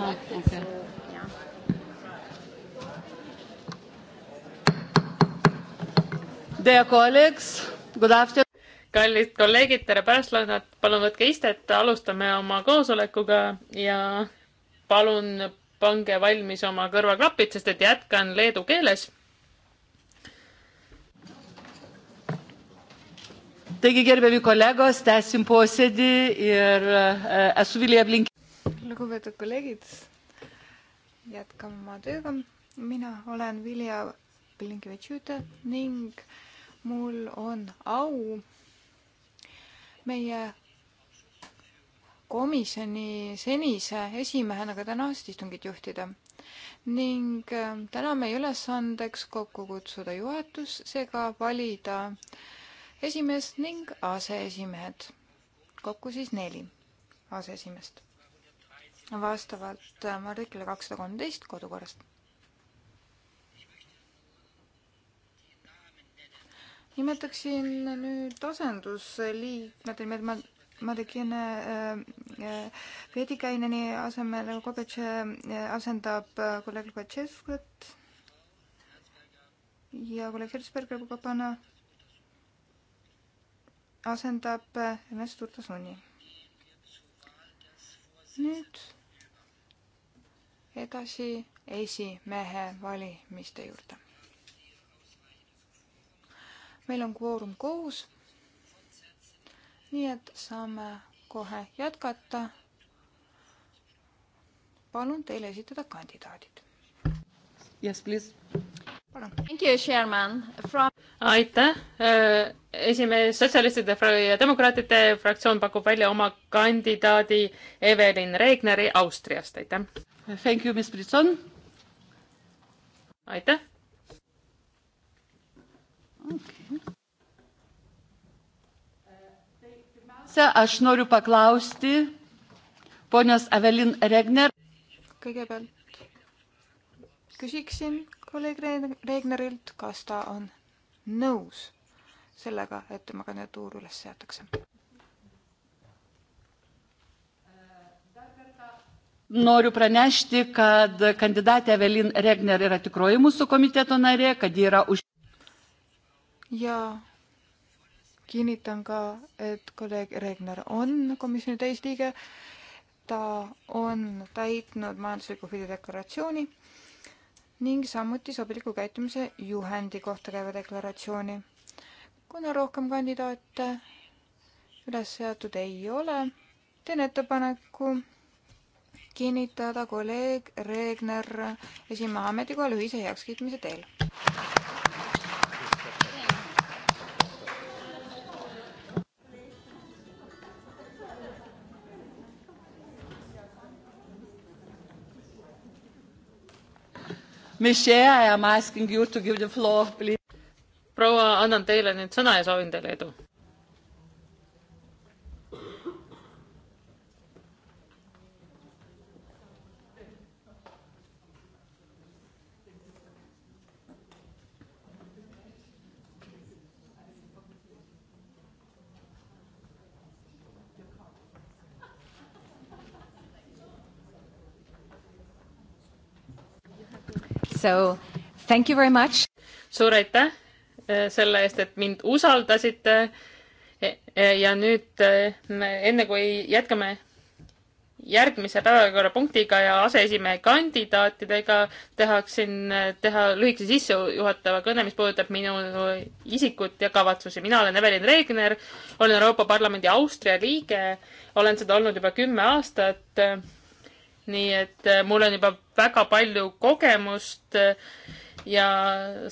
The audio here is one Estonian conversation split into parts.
Ah, okay. Uh, Dear colleagues, good afternoon. kallid kolleegid, tere pärastlõunat, palun võtke istet, alustame oma koosolekuga ja palun pange valmis oma kõrvaklapid, sest et jätkan leedu keeles. Taigi, gerbiami kolegos, tęsim posėdį ir esu äh, Vilija Blink lugupeetud kolleegid, jätkame oma tööga. mina olen Vilja Pilinkivitš-Jüte ning mul on au meie komisjoni senise esimehena ka tänast istungit juhtida. ning äh, täna meie ülesandeks kokku kutsuda juhatus, seega valida esimees ning aseesimehed. kokku siis neli aseesimeest vastavalt äh, artiklile kakssada kolmteist kodukorrast. nimetaksin nüüd asendusliikmete nimed, ma, ma tegin äh, äh Vedikäineni asemel, Kobetše äh, asendab kolleeg Lubatševkat ja kolleeg Herzberg Kapana asendab Ernest Urtasuni. nüüd edasi esimehe valimiste juurde. meil on kvoorum koos. nii et saame kohe jätkata. palun teile esitada kandidaadid. Yes, please. palun. Thank you, chairman From.... aitäh, äh, esimees Sotsialistide ja Demokraatide fraktsioon pakub välja oma kandidaadi Evelin Regneri Austriast, aitäh. Thank you, Miss Britson. aitäh. Okay. Pirmiausia, aš noriu paklausti ponios Evelin Regner. Kõigepealt küsiksin kolleeg Regnerilt, kas ta on nõus sellega, et tema kandidatuur üles seatakse. Noriu pranešti, kad kandidatė Evelin Regner yra tikroji mūsų komiteto narė, kad ji yra už. Ja kinnitan ka, et kolleeg Regner on komisjoni täisliige. ta on täitnud majandusliku huvide deklaratsiooni ning samuti sobiliku käitumise juhendi kohta käiva deklaratsiooni. kuna rohkem kandidaate üles seatud ei ole, teen ettepaneku kinnitada kolleeg Regner esimehe ametikohal ühise heakskiitmise teel. proua, annan teile nüüd sõna ja soovin teile edu. So thank you very much. suur aitäh eh, selle eest, et mind usaldasite. Eh, eh, ja nüüd enne kui jätkame järgmise päevakorrapunktiga ja aseesimehe kandidaatidega tahaksin teha lühikese sissejuhatava kõne, mis puudutab minu isikut ja kavatsusi. mina olen Evelin Regner, olen Euroopa Parlamendi Austria liige, olen seda olnud juba kümme aastat nii et äh, mul on juba väga palju kogemust äh, ja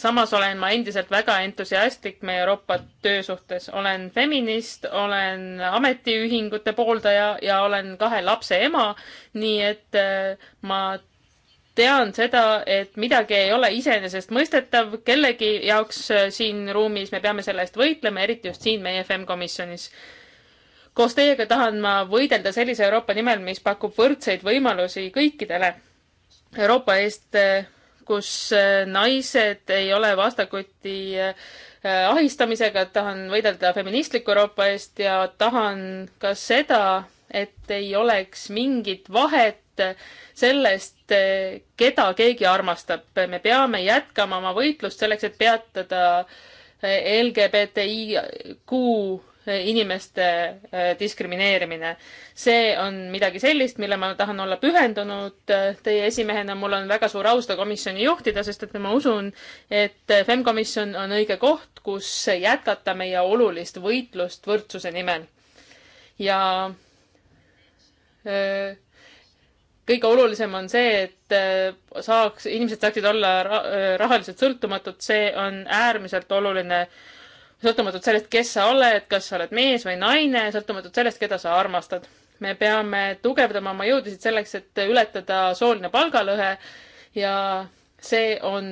samas olen ma endiselt väga entusiastlik meie Euroopa töö suhtes. olen feminist, olen ametiühingute pooldaja ja olen kahe lapse ema, nii et äh, ma tean seda, et midagi ei ole iseenesestmõistetav kellegi jaoks siin ruumis, me peame selle eest võitlema, eriti just siin meie FM komisjonis koos teiega tahan ma võidelda sellise Euroopa nimel, mis pakub võrdseid võimalusi kõikidele Euroopa eest, kus äh, naised ei ole vastakuti äh, ahistamisega, tahan võidelda feministliku Euroopa eest ja tahan ka seda, et ei oleks mingit vahet sellest, äh, keda keegi armastab. me peame jätkama oma võitlust selleks, et peatada LGBTIQ inimeste äh, diskrimineerimine. see on midagi sellist, mille ma tahan olla pühendunud äh, teie esimehena. mul on väga suur au seda komisjoni juhtida, sest et ma usun, et äh, FEM-komisjon on õige koht, kus jätkata meie olulist võitlust võrdsuse nimel. ja kõige olulisem on see, et saaks, inimesed saaksid olla rahaliselt sõltumatud, see on äärmiselt oluline äh, sõltumatult sellest, kes sa oled, kas sa oled mees või naine, sõltumatult sellest, keda sa armastad. me peame tugevdama oma jõudusid selleks, et ületada sooline palgalõhe ja see on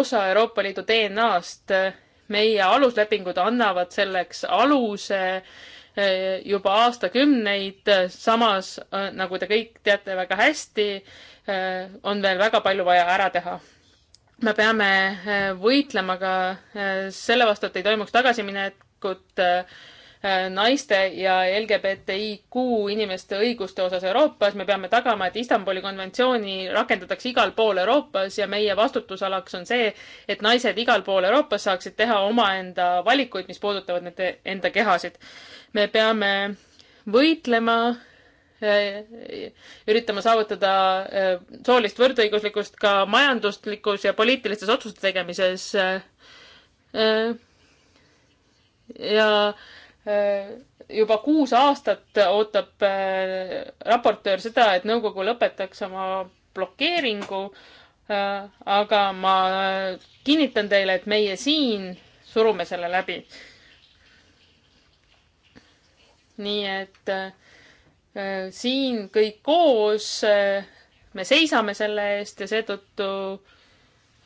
osa Euroopa Liidu DNA-st. meie aluslepingud annavad selleks aluse eh, juba aastakümneid, samas eh, nagu te kõik teate väga hästi, eh, on veel väga palju vaja ära teha me peame äh, võitlema ka äh, selle vastu, et ei toimuks tagasiminekut äh, naiste ja LGBTIQ inimeste õiguste osas Euroopas. me peame tagama, et Istanbuli konventsiooni rakendatakse igal pool Euroopas ja meie vastutusalaks on see, et naised igal pool Euroopas saaksid teha omaenda valikuid, mis puudutavad nende enda kehasid. me peame võitlema Äh, üritama saavutada äh, soolist võrdõiguslikkust ka majanduslikus ja poliitilistes otsuste tegemises. Äh, ja juba kuus aastat ootab raportöör seda, et nõukogu lõpetaks oma blokeeringu. aga ma kinnitan teile, et meie siin surume selle läbi. nii et äh, Äh, siin kõik koos, äh, me seisame selle eest ja seetõttu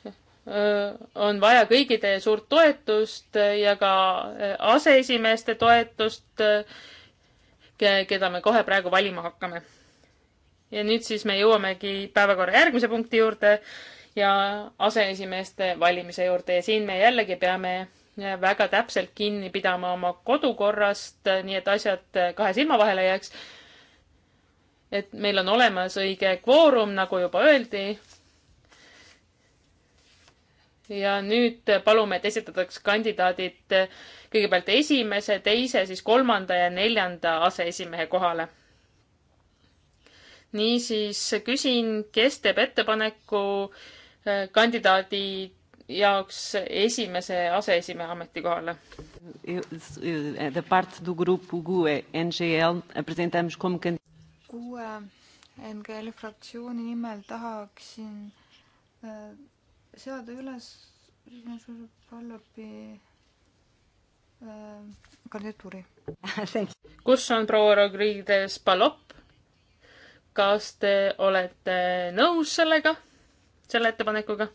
äh, on vaja kõigi teie suurt toetust ja ka aseesimeeste toetust, keda me kohe praegu valima hakkame. ja nüüd siis me jõuamegi päevakorra järgmise punkti juurde ja aseesimeeste valimise juurde ja siin me jällegi peame väga täpselt kinni pidama oma kodukorrast, nii et asjad kahe silma vahele jääks et meil on olemas õige kvoorum, nagu juba öeldi. ja nüüd palume, et esitataks kandidaadid kõigepealt esimese, teise, siis kolmanda ja neljanda aseesimehe kohale. niisiis küsin, kes teeb ettepaneku äh, kandidaadi jaoks esimese aseesimehe ametikohale. Da parte do grupo GUE NGL apresentamos como kuue NGL fraktsiooni nimel tahaksin äh, seada üles Pallopi äh, kandidatuuri. kus on proua Rodriguez Palop? kas te olete nõus sellega, selle ettepanekuga?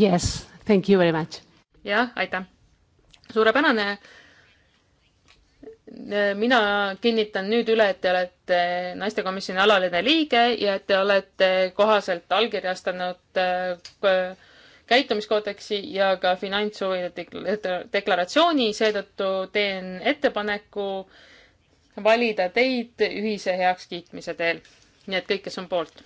Yes, thank you very much. jah, aitäh. suurepärane mina kinnitan nüüd üle, et te olete naistekomisjoni alaline liige ja et te olete kohaselt allkirjastanud äh, käitumiskoodeksi ja ka finantshuvide deklaratsiooni, seetõttu teen ettepaneku valida teid ühise heakskiitmise teel. nii et kõik, kes on poolt.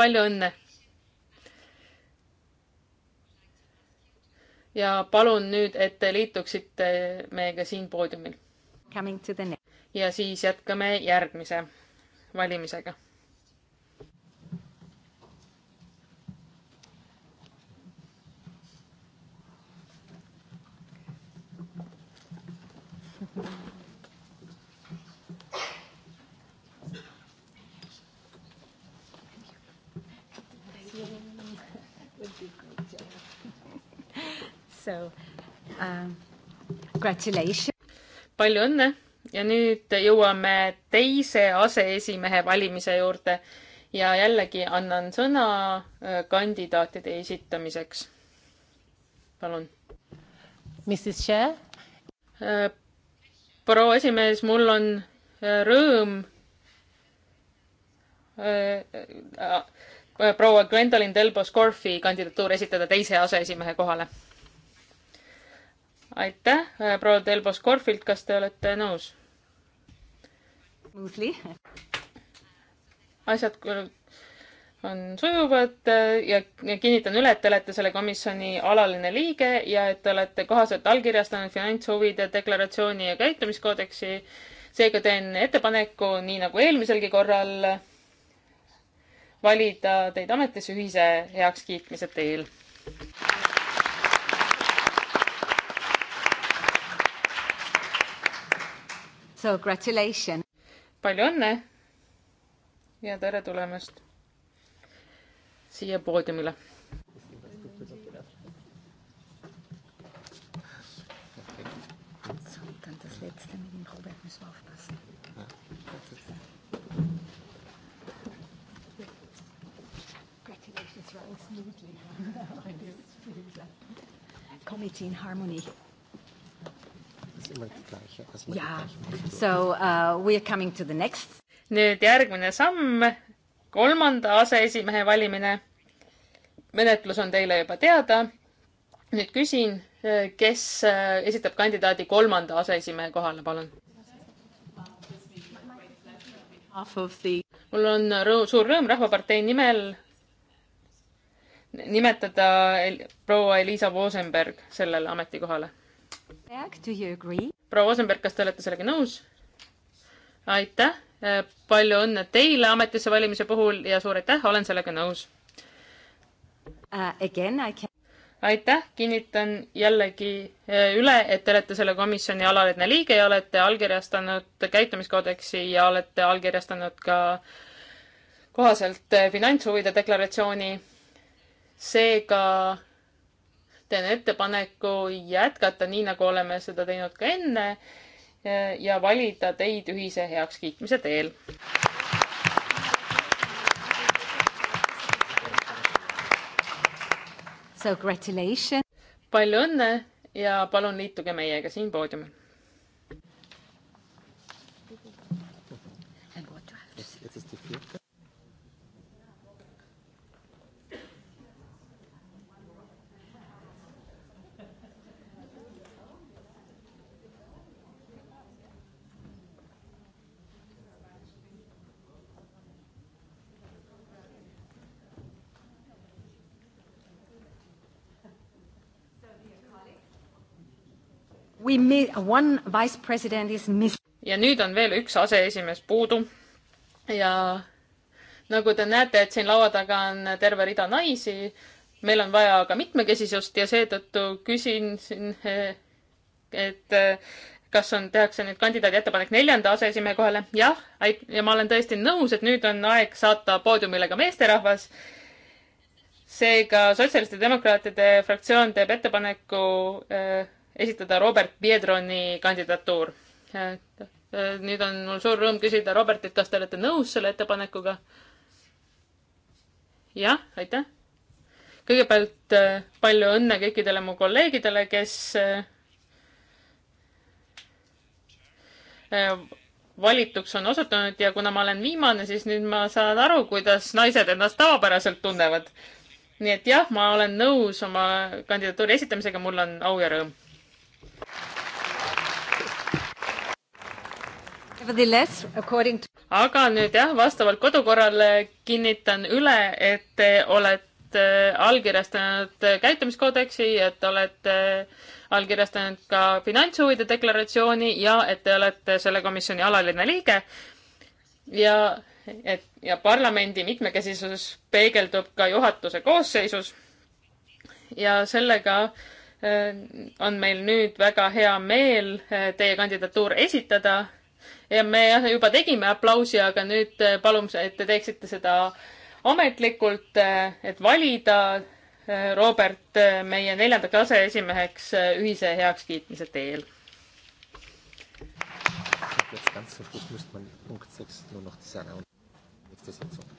palju õnne! ja palun nüüd, et te liituksite meiega siin poodiumil. ja siis jätkame järgmise valimisega. Thank you. So uh, congratulations. palju õnne ja nüüd jõuame teise aseesimehe valimise juurde ja jällegi annan sõna äh, kandidaatide esitamiseks. palun. Mrs Chair. Äh, proua esimees, mul on äh, rõõm proua Gwendolyn Delbos-Corfi kandidatuur esitada teise aseesimehe kohale aitäh, äh, proua Delbos Korfilt, kas te olete nõus? asjad on sujuvad äh, ja kinnitan üle, et te olete selle komisjoni alaline liige ja et te olete kohaselt allkirjastanud finantshuvide deklaratsiooni ja käitumiskoodeksi. seega teen ettepaneku, nii nagu eelmiselgi korral, valida teid ametisse ühise heakskiitmise teel So congratulations! palju õnne ja tere tulemast siia poodiumile. Das letzte mit dem Robert müssen wir aufpassen. Ja, das ist Congratulations, Ralf Nudley. Committee in Harmony jaa, so uh, we are coming to the next. nüüd järgmine samm, kolmanda aseesimehe valimine. menetlus on teile juba teada. nüüd küsin, eh, kes eh, esitab kandidaadi kolmanda aseesimehe kohale, palun? mul on rõõm, suur rõõm Rahvapartei nimel nimetada proua Elisa Vosenberg sellele ametikohale proua Osenberg, kas te olete sellega nõus? aitäh, äh, palju õnne teile ametisse valimise puhul ja suur aitäh, olen sellega nõus uh,. Again I can aitäh, kinnitan jällegi äh, üle, et te olete selle komisjoni alaline liige ja olete allkirjastanud käitumiskoodeksi ja olete allkirjastanud ka kohaselt äh, finantshuvide deklaratsiooni. seega teen ettepaneku jätkata nii, nagu oleme seda teinud ka enne ja valida teid ühise heakskiitmise teel. palju õnne ja palun liituge meiega siin poodiumil. ja nüüd on veel üks aseesimees puudu. ja nagu te näete, et siin laua taga on terve rida naisi, meil on vaja ka mitmekesisust ja seetõttu küsin siin, et kas on, tehakse nüüd kandidaadi ettepanek neljanda aseesimehe kohale? jah, ja ma olen tõesti nõus, et nüüd on aeg saata poodiumile ka meesterahvas. seega Sotsialiste Demokraatide fraktsioon teeb ettepaneku äh, esitada Robert Piedroni kandidatuur. nüüd on mul suur rõõm küsida Robertilt, kas te olete nõus selle ettepanekuga? jah, aitäh. kõigepealt eh, palju õnne kõikidele mu kolleegidele, kes eh, eh, valituks on osutunud ja kuna ma olen viimane, siis nüüd ma saan aru, kuidas naised ennast tavapäraselt tunnevad nii et jah, ma olen nõus oma kandidatuuri esitamisega, mul on au ja rõõm. aga nüüd jah, vastavalt kodukorrale kinnitan üle, et te olete äh, allkirjastanud äh, käitumiskoodeksi, et olete äh, allkirjastanud ka finantshuvide deklaratsiooni ja et te olete selle komisjoni alaline liige. ja et ja parlamendi mitmekesisus peegeldub ka juhatuse koosseisus. ja sellega on meil nüüd väga hea meel teie kandidatuur esitada ja me juba tegime aplausi, aga nüüd äh, palume, et te teeksite seda ametlikult, äh, et valida äh, Robert meie neljanda klasse esimeheks ühise heakskiitmise teel. Jetzt ganz zum Schluss müsste man Punkt 6 nur noch die Sahne und nächste Sitzung.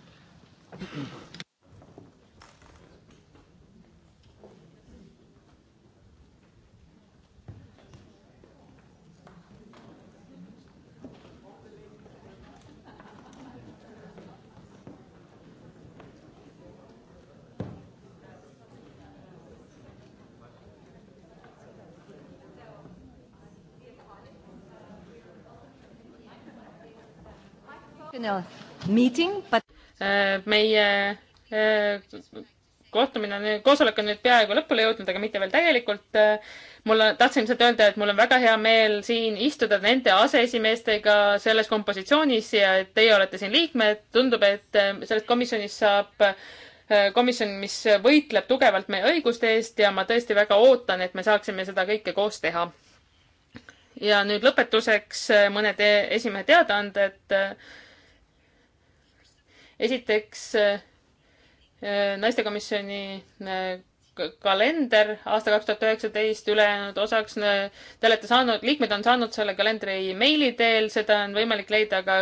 Äh, meie äh, kohtumine on, koosolek on nüüd peaaegu lõpule jõudnud, aga mitte veel täielikult. Äh, mul on, tahtsin lihtsalt öelda, et mul on väga hea meel siin istuda nende aseesimeestega selles kompositsioonis ja teie olete siin liikmed. tundub, et sellest komisjonist saab komisjon, mis võitleb tugevalt meie õiguste eest ja ma tõesti väga ootan, et me saaksime seda kõike koos teha. ja nüüd lõpetuseks mõned e-, esimehe teadaanded et esiteks äh, naistekomisjoni äh, kalender aasta kaks tuhat üheksateist, ülejäänud osaks äh, te olete saanud, liikmed on saanud selle kalendri meili teel, seda on võimalik leida ka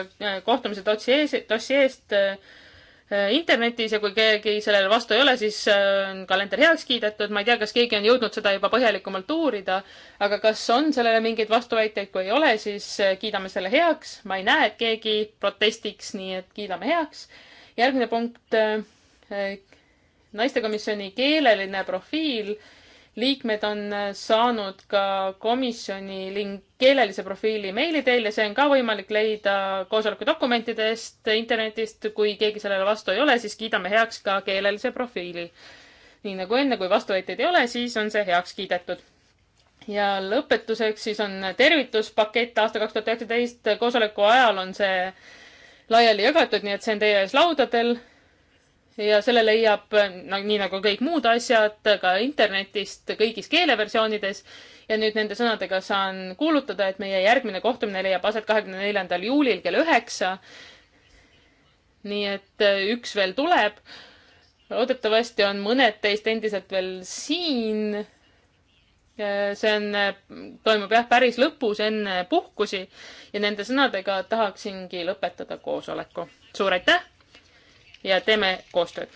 kohtumise dossi ees, dossi eest. Äh, internetis ja kui keegi sellele vastu ei ole, siis äh, on kalender heaks kiidetud. ma ei tea, kas keegi on jõudnud seda juba põhjalikumalt uurida, aga kas on sellele mingeid vastuväiteid, kui ei ole, siis äh, kiidame selle heaks. ma ei näe, et keegi protestiks, nii et kiidame heaks. järgmine punkt, naistekomisjoni keeleline profiil liikmed on äh, saanud ka komisjoni ling-, keelelise profiili meili teel ja see on ka võimalik leida koosoleku dokumentidest, internetist. kui keegi sellele vastu ei ole, siis kiidame heaks ka keelelise profiili. nii nagu enne, kui vastuväiteid ei ole, siis on see heaks kiidetud. ja lõpetuseks siis on tervituspakett aasta kaks tuhat üheksateist. koosoleku ajal on see laiali jagatud, nii et see on teie ees laudadel ja selle leiab no, nii nagu kõik muud asjad ka internetist kõigis keeleversioonides. ja nüüd nende sõnadega saan kuulutada, et meie järgmine kohtumine leiab aset kahekümne neljandal juulil kell üheksa. nii et äh, üks veel tuleb. loodetavasti on mõned teist endiselt veel siin. Äh, see on, äh, toimub jah, päris lõpus enne puhkusi ja nende sõnadega tahaksingi lõpetada koosoleku. suur aitäh! ja teeme koostööd.